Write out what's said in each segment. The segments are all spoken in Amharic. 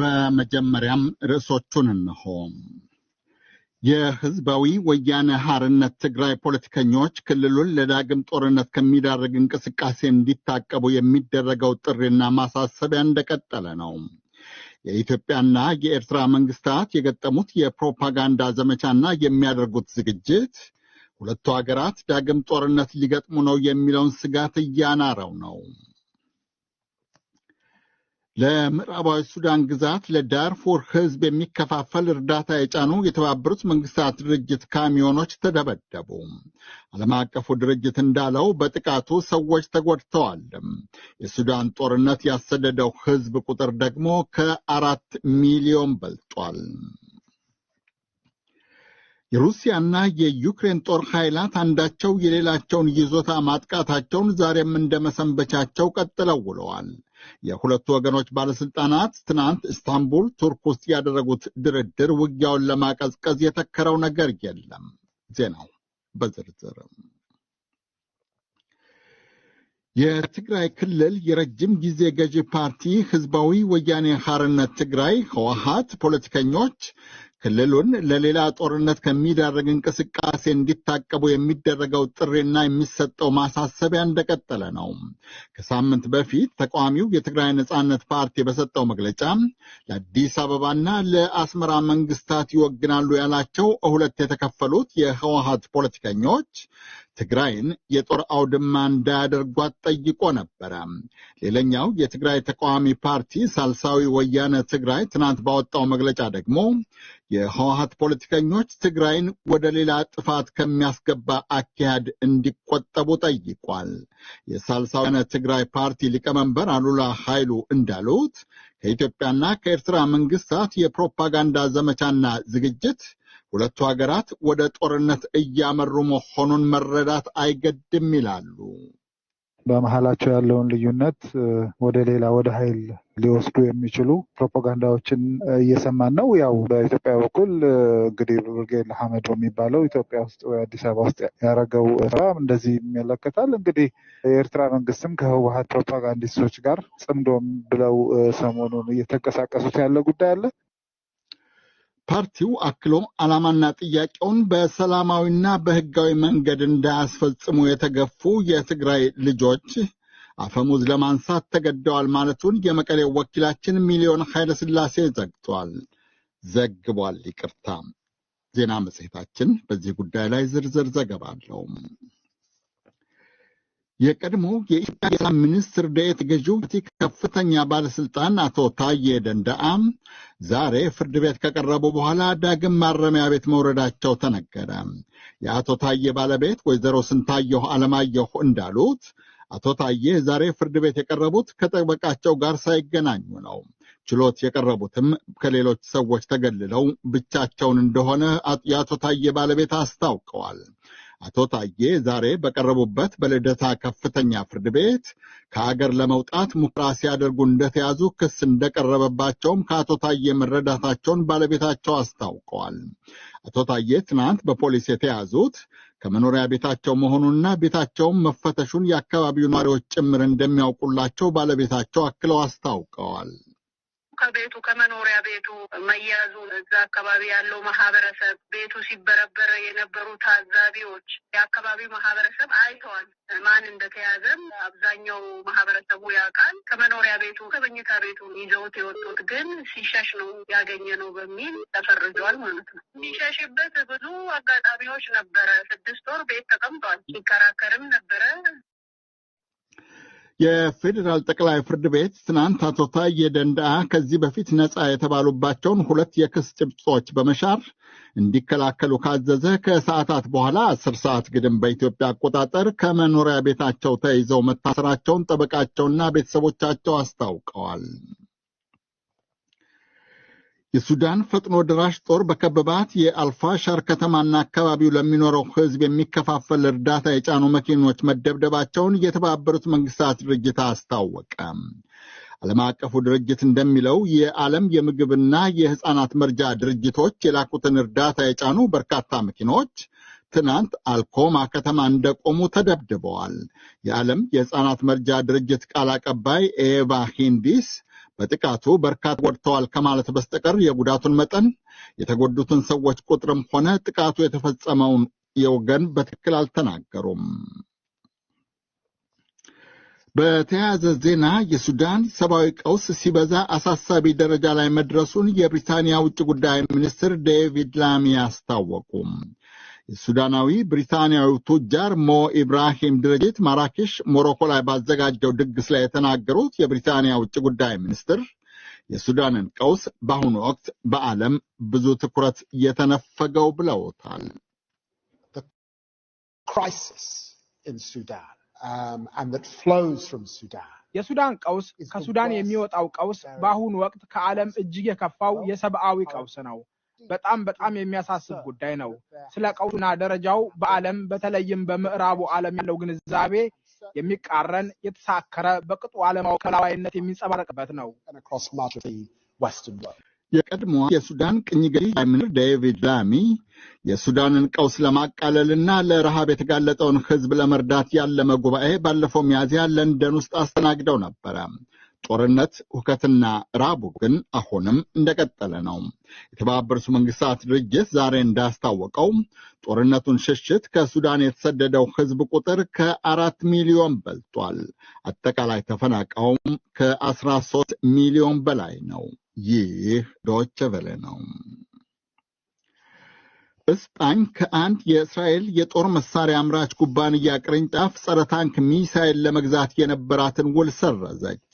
በመጀመሪያም ርዕሶቹን እንሆ። የህዝባዊ ወያነ ሐርነት ትግራይ ፖለቲከኞች ክልሉን ለዳግም ጦርነት ከሚዳርግ እንቅስቃሴ እንዲታቀቡ የሚደረገው ጥሪና ማሳሰቢያ እንደቀጠለ ነው። የኢትዮጵያና የኤርትራ መንግስታት የገጠሙት የፕሮፓጋንዳ ዘመቻና የሚያደርጉት ዝግጅት ሁለቱ ሀገራት ዳግም ጦርነት ሊገጥሙ ነው የሚለውን ስጋት እያናረው ነው። ለምዕራባዊ ሱዳን ግዛት ለዳርፎር ሕዝብ የሚከፋፈል እርዳታ የጫኑ የተባበሩት መንግስታት ድርጅት ካሚዮኖች ተደበደቡ። ዓለም አቀፉ ድርጅት እንዳለው በጥቃቱ ሰዎች ተጎድተዋል። የሱዳን ጦርነት ያሰደደው ሕዝብ ቁጥር ደግሞ ከአራት ሚሊዮን በልጧል። የሩሲያና የዩክሬን ጦር ኃይላት አንዳቸው የሌላቸውን ይዞታ ማጥቃታቸውን ዛሬም እንደመሰንበቻቸው ቀጥለው ውለዋል። የሁለቱ ወገኖች ባለስልጣናት ትናንት ኢስታንቡል ቱርክ ውስጥ ያደረጉት ድርድር ውጊያውን ለማቀዝቀዝ የተከረው ነገር የለም። ዜናው በዝርዝር የትግራይ ክልል የረጅም ጊዜ ገዢ ፓርቲ ህዝባዊ ወያኔ ሐርነት ትግራይ ህወሀት ፖለቲከኞች ክልሉን ለሌላ ጦርነት ከሚዳረግ እንቅስቃሴ እንዲታቀቡ የሚደረገው ጥሪና የሚሰጠው ማሳሰቢያ እንደቀጠለ ነው። ከሳምንት በፊት ተቃዋሚው የትግራይ ነፃነት ፓርቲ በሰጠው መግለጫ ለአዲስ አበባና ለአስመራ መንግስታት ይወግናሉ ያላቸው ሁለት የተከፈሉት የህወሀት ፖለቲከኞች ትግራይን የጦር አውድማ እንዳያደርጓት ጠይቆ ነበረ። ሌላኛው የትግራይ ተቃዋሚ ፓርቲ ሳልሳዊ ወያነ ትግራይ ትናንት ባወጣው መግለጫ ደግሞ የህወሀት ፖለቲከኞች ትግራይን ወደ ሌላ ጥፋት ከሚያስገባ አካሄድ እንዲቆጠቡ ጠይቋል። የሳልሳዊነ ትግራይ ፓርቲ ሊቀመንበር አሉላ ኃይሉ እንዳሉት ከኢትዮጵያና ከኤርትራ መንግስታት የፕሮፓጋንዳ ዘመቻና ዝግጅት ሁለቱ ሀገራት ወደ ጦርነት እያመሩ መሆኑን መረዳት አይገድም ይላሉ። በመሀላቸው ያለውን ልዩነት ወደ ሌላ ወደ ኃይል ሊወስዱ የሚችሉ ፕሮፓጋንዳዎችን እየሰማን ነው። ያው በኢትዮጵያ በኩል እንግዲህ ብርጌድ ሐመዶ የሚባለው ኢትዮጵያ ውስጥ ወይ አዲስ አበባ ውስጥ ያደረገው ስራ እንደዚህ ይመለከታል። እንግዲህ የኤርትራ መንግስትም ከህወሀት ፕሮፓጋንዲስቶች ጋር ጽምዶም ብለው ሰሞኑን እየተንቀሳቀሱት ያለ ጉዳይ አለ። ፓርቲው አክሎም ዓላማና ጥያቄውን በሰላማዊና በሕጋዊ መንገድ እንዳያስፈጽሙ የተገፉ የትግራይ ልጆች አፈሙዝ ለማንሳት ተገደዋል ማለቱን የመቀሌው ወኪላችን ሚሊዮን ኃይለሥላሴ ዘግቷል ዘግቧል። ይቅርታ። ዜና መጽሔታችን በዚህ ጉዳይ ላይ ዝርዝር ዘገባ አለው። የቀድሞ የኢትዮጵያ የሰላም ሚኒስትር ዴኤታ ገዢው ከፍተኛ ባለስልጣን አቶ ታዬ ደንደአም ዛሬ ፍርድ ቤት ከቀረቡ በኋላ ዳግም ማረሚያ ቤት መውረዳቸው ተነገረ። የአቶ ታዬ ባለቤት ወይዘሮ ስንታየሁ አለማየሁ እንዳሉት አቶ ታዬ ዛሬ ፍርድ ቤት የቀረቡት ከጠበቃቸው ጋር ሳይገናኙ ነው። ችሎት የቀረቡትም ከሌሎች ሰዎች ተገልለው ብቻቸውን እንደሆነ የአቶ ታዬ ባለቤት አስታውቀዋል። አቶ ታዬ ዛሬ በቀረቡበት በልደታ ከፍተኛ ፍርድ ቤት ከሀገር ለመውጣት ሙከራ ሲያደርጉ እንደተያዙ ክስ እንደቀረበባቸውም ከአቶ ታዬ መረዳታቸውን ባለቤታቸው አስታውቀዋል። አቶ ታዬ ትናንት በፖሊስ የተያዙት ከመኖሪያ ቤታቸው መሆኑንና ቤታቸውም መፈተሹን የአካባቢው ነዋሪዎች ጭምር እንደሚያውቁላቸው ባለቤታቸው አክለው አስታውቀዋል። ከቤቱ ከመኖሪያ ቤቱ መያዙ እዛ አካባቢ ያለው ማህበረሰብ ቤቱ ሲበረበረ የነበሩ ታዛቢዎች የአካባቢው ማህበረሰብ አይተዋል። ማን እንደተያዘም አብዛኛው ማህበረሰቡ ያውቃል። ከመኖሪያ ቤቱ ከመኝታ ቤቱ ይዘውት የወጡት ግን ሲሸሽ ነው ያገኘ ነው በሚል ተፈርጇል ማለት ነው። የሚሸሽበት ብዙ አጋጣሚዎች ነበረ። ስድስት ወር ቤት ተቀምጧል። ሲከራከርም ነበረ። የፌዴራል ጠቅላይ ፍርድ ቤት ትናንት አቶ ታዬ ደንደአ ከዚህ በፊት ነፃ የተባሉባቸውን ሁለት የክስ ጭብጦች በመሻር እንዲከላከሉ ካዘዘ ከሰዓታት በኋላ አስር ሰዓት ግድም በኢትዮጵያ አቆጣጠር ከመኖሪያ ቤታቸው ተይዘው መታሰራቸውን ጠበቃቸውና ቤተሰቦቻቸው አስታውቀዋል። የሱዳን ፈጥኖ ድራሽ ጦር በከበባት የአልፋሻር ከተማና አካባቢው ለሚኖረው ሕዝብ የሚከፋፈል እርዳታ የጫኑ መኪኖች መደብደባቸውን የተባበሩት መንግስታት ድርጅት አስታወቀ። ዓለም አቀፉ ድርጅት እንደሚለው የዓለም የምግብና የሕፃናት መርጃ ድርጅቶች የላኩትን እርዳታ የጫኑ በርካታ መኪኖች ትናንት አልኮማ ከተማ እንደቆሙ ተደብድበዋል። የዓለም የሕፃናት መርጃ ድርጅት ቃል አቀባይ ኤቫ ሂንዲስ በጥቃቱ በርካታ ጎድተዋል ከማለት በስተቀር የጉዳቱን መጠን የተጎዱትን ሰዎች ቁጥርም ሆነ ጥቃቱ የተፈጸመውን የወገን በትክክል አልተናገሩም። በተያያዘ ዜና የሱዳን ሰብአዊ ቀውስ ሲበዛ አሳሳቢ ደረጃ ላይ መድረሱን የብሪታንያ ውጭ ጉዳይ ሚኒስትር ዴቪድ ላሚ አስታወቁም። ሱዳናዊ ብሪታንያዊ ቱጃር ሞ ኢብራሂም ድርጅት ማራኬሽ ሞሮኮ ላይ ባዘጋጀው ድግስ ላይ የተናገሩት የብሪታንያ ውጭ ጉዳይ ሚኒስትር የሱዳንን ቀውስ በአሁኑ ወቅት በዓለም ብዙ ትኩረት የተነፈገው ብለውታል። um, የሱዳን ቀውስ ከሱዳን የሚወጣው ቀውስ በአሁኑ ወቅት ከዓለም እጅግ የከፋው የሰብአዊ ቀውስ ነው። በጣም በጣም የሚያሳስብ ጉዳይ ነው። ስለ ቀውሱና ደረጃው በዓለም በተለይም በምዕራቡ ዓለም ያለው ግንዛቤ የሚቃረን የተሳከረ በቅጡ ዓለማዊ ከላዋይነት የሚንጸባረቅበት ነው። የቀድሞዋ የሱዳን ቅኝ ገዢ ጠቅላይ ሚኒስትር ዴቪድ ላሚ የሱዳንን ቀውስ ለማቃለልና ለረሃብ የተጋለጠውን ሕዝብ ለመርዳት ያለመ ጉባኤ ባለፈው ሚያዝያ ለንደን ውስጥ አስተናግደው ነበረ። ጦርነት፣ ሁከትና ራቡ ግን አሁንም እንደቀጠለ ነው። የተባበሩት መንግስታት ድርጅት ዛሬ እንዳስታወቀው ጦርነቱን ሽሽት ከሱዳን የተሰደደው ህዝብ ቁጥር ከአራት ሚሊዮን በልጧል። አጠቃላይ ተፈናቀውም ከአስራ ሶስት ሚሊዮን በላይ ነው። ይህ ዶይቼ ቬለ ነው። እስጳኝ ከአንድ የእስራኤል የጦር መሳሪያ አምራች ኩባንያ ቅርንጫፍ ጸረ ታንክ ሚሳኤል ለመግዛት የነበራትን ውል ሰረዘች።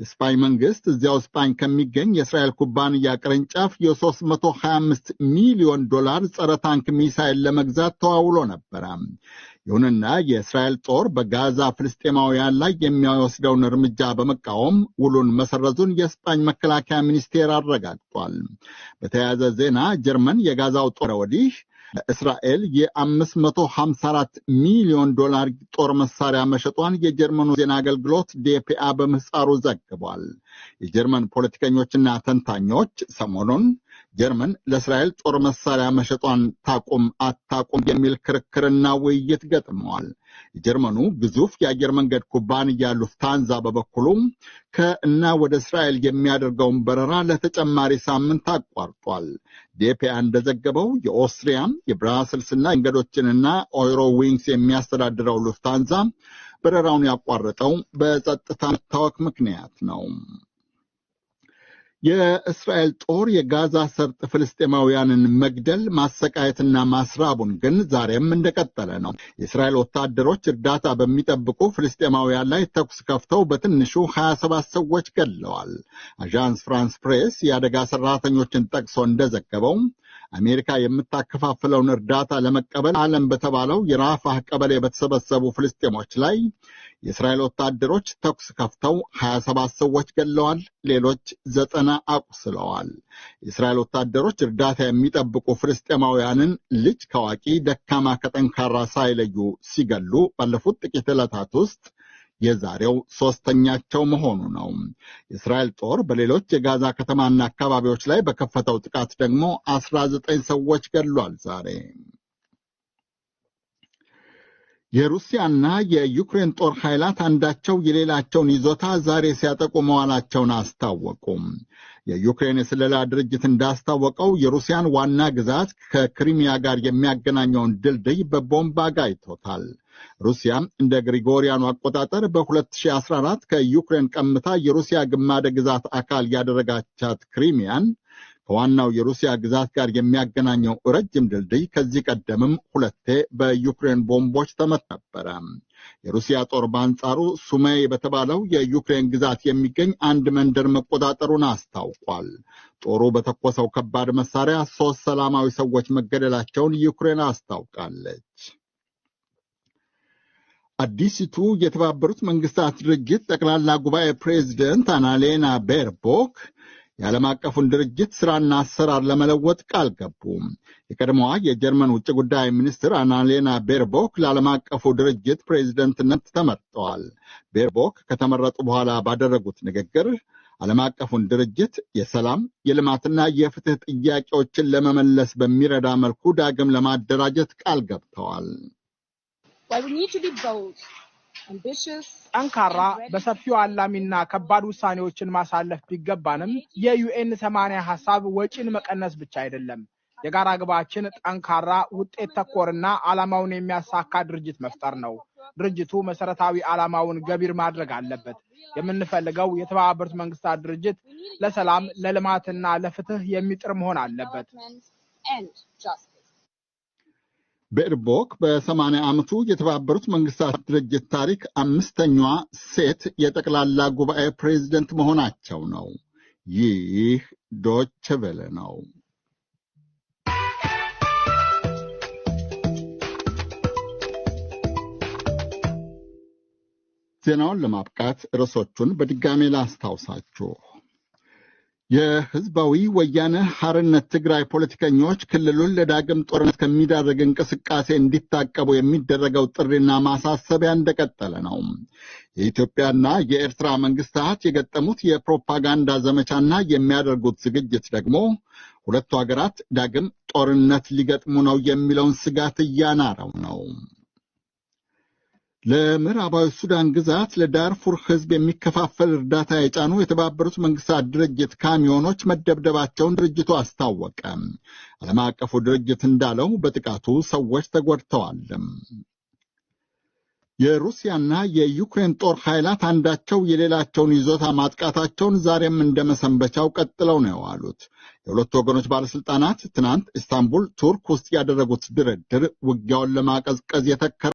የስፓኝ መንግስት እዚያው ስፓኝ ከሚገኝ የእስራኤል ኩባንያ ቅርንጫፍ የ325 ሚሊዮን ዶላር ጸረ ታንክ ሚሳይል ለመግዛት ተዋውሎ ነበረ። ይሁንና የእስራኤል ጦር በጋዛ ፍልስጤማውያን ላይ የሚወስደውን እርምጃ በመቃወም ውሉን መሰረዙን የስፓኝ መከላከያ ሚኒስቴር አረጋግጧል። በተያያዘ ዜና ጀርመን የጋዛው ጦር ወዲህ ለእስራኤል የ554 ሚሊዮን ዶላር ጦር መሳሪያ መሸጧን የጀርመኑ ዜና አገልግሎት ዴፒአ በምህፃሩ ዘግቧል። የጀርመን ፖለቲከኞችና ተንታኞች ሰሞኑን ጀርመን ለእስራኤል ጦር መሳሪያ መሸጧን ታቁም አታቁም የሚል ክርክርና ውይይት ገጥመዋል። የጀርመኑ ግዙፍ የአየር መንገድ ኩባንያ ሉፍታንዛ በበኩሉ ከእና ወደ እስራኤል የሚያደርገውን በረራ ለተጨማሪ ሳምንት አቋርጧል። ዴፒያ እንደዘገበው የኦስትሪያ የብራስልስና መንገዶችንና ኦይሮ ዊንግስ የሚያስተዳድረው ሉፍታንዛ በረራውን ያቋረጠው በጸጥታ መታወክ ምክንያት ነው። የእስራኤል ጦር የጋዛ ሰርጥ ፍልስጤማውያንን መግደል ማሰቃየትና ማስራቡን ግን ዛሬም እንደቀጠለ ነው። የእስራኤል ወታደሮች እርዳታ በሚጠብቁ ፍልስጤማውያን ላይ ተኩስ ከፍተው በትንሹ 27 ሰዎች ገድለዋል። አዣንስ ፍራንስ ፕሬስ የአደጋ ሰራተኞችን ጠቅሶ እንደዘገበው አሜሪካ የምታከፋፍለውን እርዳታ ለመቀበል አለም በተባለው የራፋህ ቀበሌ በተሰበሰቡ ፍልስጤሞች ላይ የእስራኤል ወታደሮች ተኩስ ከፍተው 27 ሰዎች ገለዋል፣ ሌሎች ዘጠና አቁስለዋል። የእስራኤል ወታደሮች እርዳታ የሚጠብቁ ፍልስጤማውያንን ልጅ ከአዋቂ ደካማ ከጠንካራ ሳይለዩ ሲገሉ ባለፉት ጥቂት ዕለታት ውስጥ የዛሬው ሶስተኛቸው መሆኑ ነው። የእስራኤል ጦር በሌሎች የጋዛ ከተማና አካባቢዎች ላይ በከፈተው ጥቃት ደግሞ 19 ሰዎች ገድሏል። ዛሬ የሩሲያና የዩክሬን ጦር ኃይላት አንዳቸው የሌላቸውን ይዞታ ዛሬ ሲያጠቁ መዋላቸውን አስታወቁም። የዩክሬን የስለላ ድርጅት እንዳስታወቀው የሩሲያን ዋና ግዛት ከክሪሚያ ጋር የሚያገናኘውን ድልድይ በቦምብ አጋይቶታል። ሩሲያ እንደ ግሪጎሪያኑ አቆጣጠር በ2014 ከዩክሬን ቀምታ የሩሲያ ግማደ ግዛት አካል ያደረጋቻት ክሪሚያን ከዋናው የሩሲያ ግዛት ጋር የሚያገናኘው ረጅም ድልድይ ከዚህ ቀደምም ሁለቴ በዩክሬን ቦምቦች ተመት ነበረ። የሩሲያ ጦር በአንጻሩ ሱሜይ በተባለው የዩክሬን ግዛት የሚገኝ አንድ መንደር መቆጣጠሩን አስታውቋል። ጦሩ በተኮሰው ከባድ መሳሪያ ሶስት ሰላማዊ ሰዎች መገደላቸውን ዩክሬን አስታውቃለች። አዲሲቱ የተባበሩት መንግስታት ድርጅት ጠቅላላ ጉባኤ ፕሬዚደንት አናሌና ቤርቦክ የዓለም አቀፉን ድርጅት ሥራና አሰራር ለመለወጥ ቃል ገቡ። የቀድሞዋ የጀርመን ውጭ ጉዳይ ሚኒስትር አናሌና ቤርቦክ ለዓለም አቀፉ ድርጅት ፕሬዚደንትነት ተመርጠዋል። ቤርቦክ ከተመረጡ በኋላ ባደረጉት ንግግር ዓለም አቀፉን ድርጅት የሰላም የልማትና የፍትህ ጥያቄዎችን ለመመለስ በሚረዳ መልኩ ዳግም ለማደራጀት ቃል ገብተዋል። ጠንካራ በሰፊው አላሚና ከባድ ውሳኔዎችን ማሳለፍ ቢገባንም የዩኤን ሰማንያ ሀሳብ ወጪን መቀነስ ብቻ አይደለም። የጋራ ግባችን ጠንካራ ውጤት ተኮርና ዓላማውን የሚያሳካ ድርጅት መፍጠር ነው። ድርጅቱ መሰረታዊ ዓላማውን ገቢር ማድረግ አለበት። የምንፈልገው የተባበሩት መንግስታት ድርጅት ለሰላም ለልማትና ለፍትህ የሚጥር መሆን አለበት። በኢርቦክ በሰማንያ ዓመቱ የተባበሩት መንግስታት ድርጅት ታሪክ አምስተኛዋ ሴት የጠቅላላ ጉባኤ ፕሬዚደንት መሆናቸው ነው። ይህ ዶች ቬለ ነው። ዜናውን ለማብቃት ርዕሶቹን በድጋሜ ላስታውሳችሁ። የህዝባዊ ወያነ ሐርነት ትግራይ ፖለቲከኞች ክልሉን ለዳግም ጦርነት ከሚዳረግ እንቅስቃሴ እንዲታቀቡ የሚደረገው ጥሪና ማሳሰቢያ እንደቀጠለ ነው። የኢትዮጵያና የኤርትራ መንግስታት የገጠሙት የፕሮፓጋንዳ ዘመቻና የሚያደርጉት ዝግጅት ደግሞ ሁለቱ ሀገራት ዳግም ጦርነት ሊገጥሙ ነው የሚለውን ስጋት እያናረው ነው። ለምዕራባዊ ሱዳን ግዛት ለዳርፉር ሕዝብ የሚከፋፈል እርዳታ የጫኑ የተባበሩት መንግስታት ድርጅት ካሚዮኖች መደብደባቸውን ድርጅቱ አስታወቀ። ዓለም አቀፉ ድርጅት እንዳለው በጥቃቱ ሰዎች ተጎድተዋል። የሩሲያና የዩክሬን ጦር ኃይላት አንዳቸው የሌላቸውን ይዞታ ማጥቃታቸውን ዛሬም እንደ መሰንበቻው ቀጥለው ነው የዋሉት። የሁለቱ ወገኖች ባለሥልጣናት ትናንት ኢስታንቡል ቱርክ ውስጥ ያደረጉት ድርድር ውጊያውን ለማቀዝቀዝ የተከረ